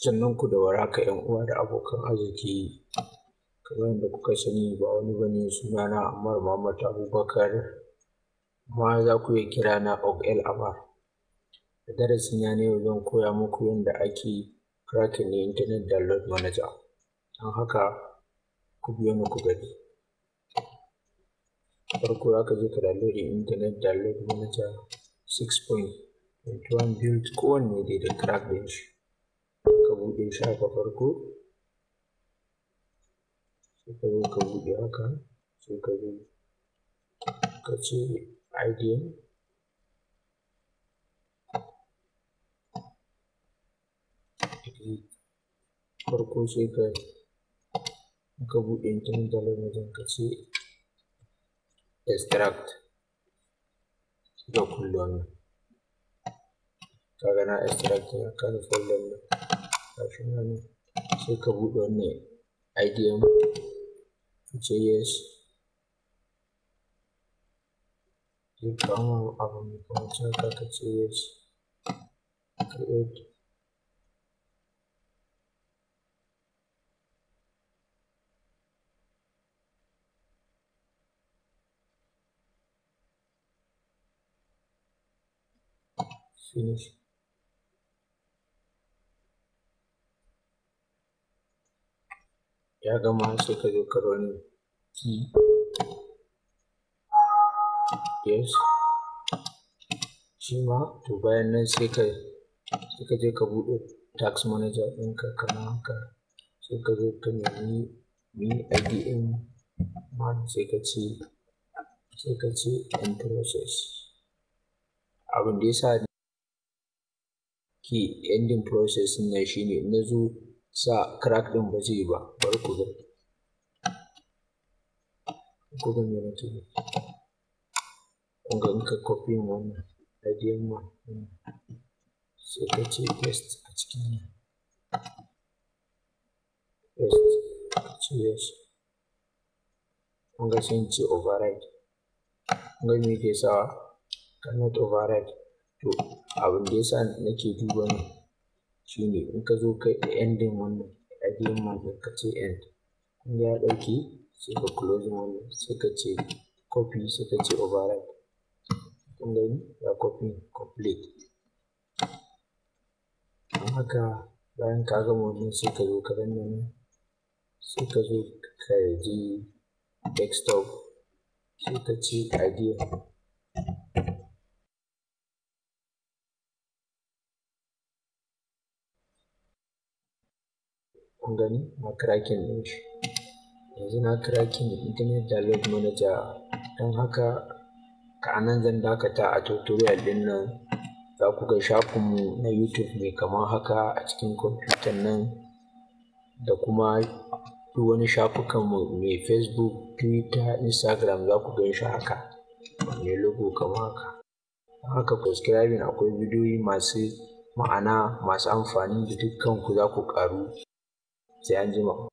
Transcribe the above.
sannan ku da waraka yan uwa da abokan arziki kamar yadda kuka sani ba wani bane sunana Ammar Muhammad Abubakar amma za ku iya kira na OL Ammar da darasin ya ne zan koya muku yadda ake kraken ne internet download manager don haka ku biyo ni ku gani farko za ka je ka download internet download manager 6.21 build kowanne dai da crack shi Isha Kaparku. So कभी कभी यहाँ का so कभी कच्ची idea Perku sehingga kemudian teman dalam yang kecil extract dokumen karena extract akan folder personal ni saya kebut donate idea future years jadi kamu apa ni kamu cakap future years create finish ya gama sai ka zo ka run yes shi ma to bayan nan sai ka sai ka je ka buɗe tax manager ɗinka kamar haka sai ka zo ka nemi ni id ɗin man sai ka ce sai ka ce in process abin da ya sa ke ending process na shine na zo sa crack ɗin ba zai ba bari ku ga ku gani na ne kun ga in ka copy wannan radian ma sai ka ce paste a cikin nan paste ce yes kun ga sai ce override kun ga me ke sawa cannot override to abin da yasa nake duba ne shi ne in ka zo kai ending wannan agreement ɗin ka ce end in ya ɗauki sai ka closing wannan sai ka ce copy sai ka ce override kun gani ya copy complete don haka bayan ka gama wannan sai ka zo ka danna nan sai ka zo ka je desktop sai ka ce idea kun gani na cracking din shi yanzu na cracking internet download manager don haka a nan zan dakata a tutorial din nan za ku ga shafinmu na youtube mai kamar haka a cikin kwamfutan nan da kuma duk wani mu mai facebook twitter instagram za ku gan shi haka mai logo kamar haka don haka subscribing akwai bidiyoyi masu ma'ana masu amfani da dukkan ku za ku ƙaru 钱就没了。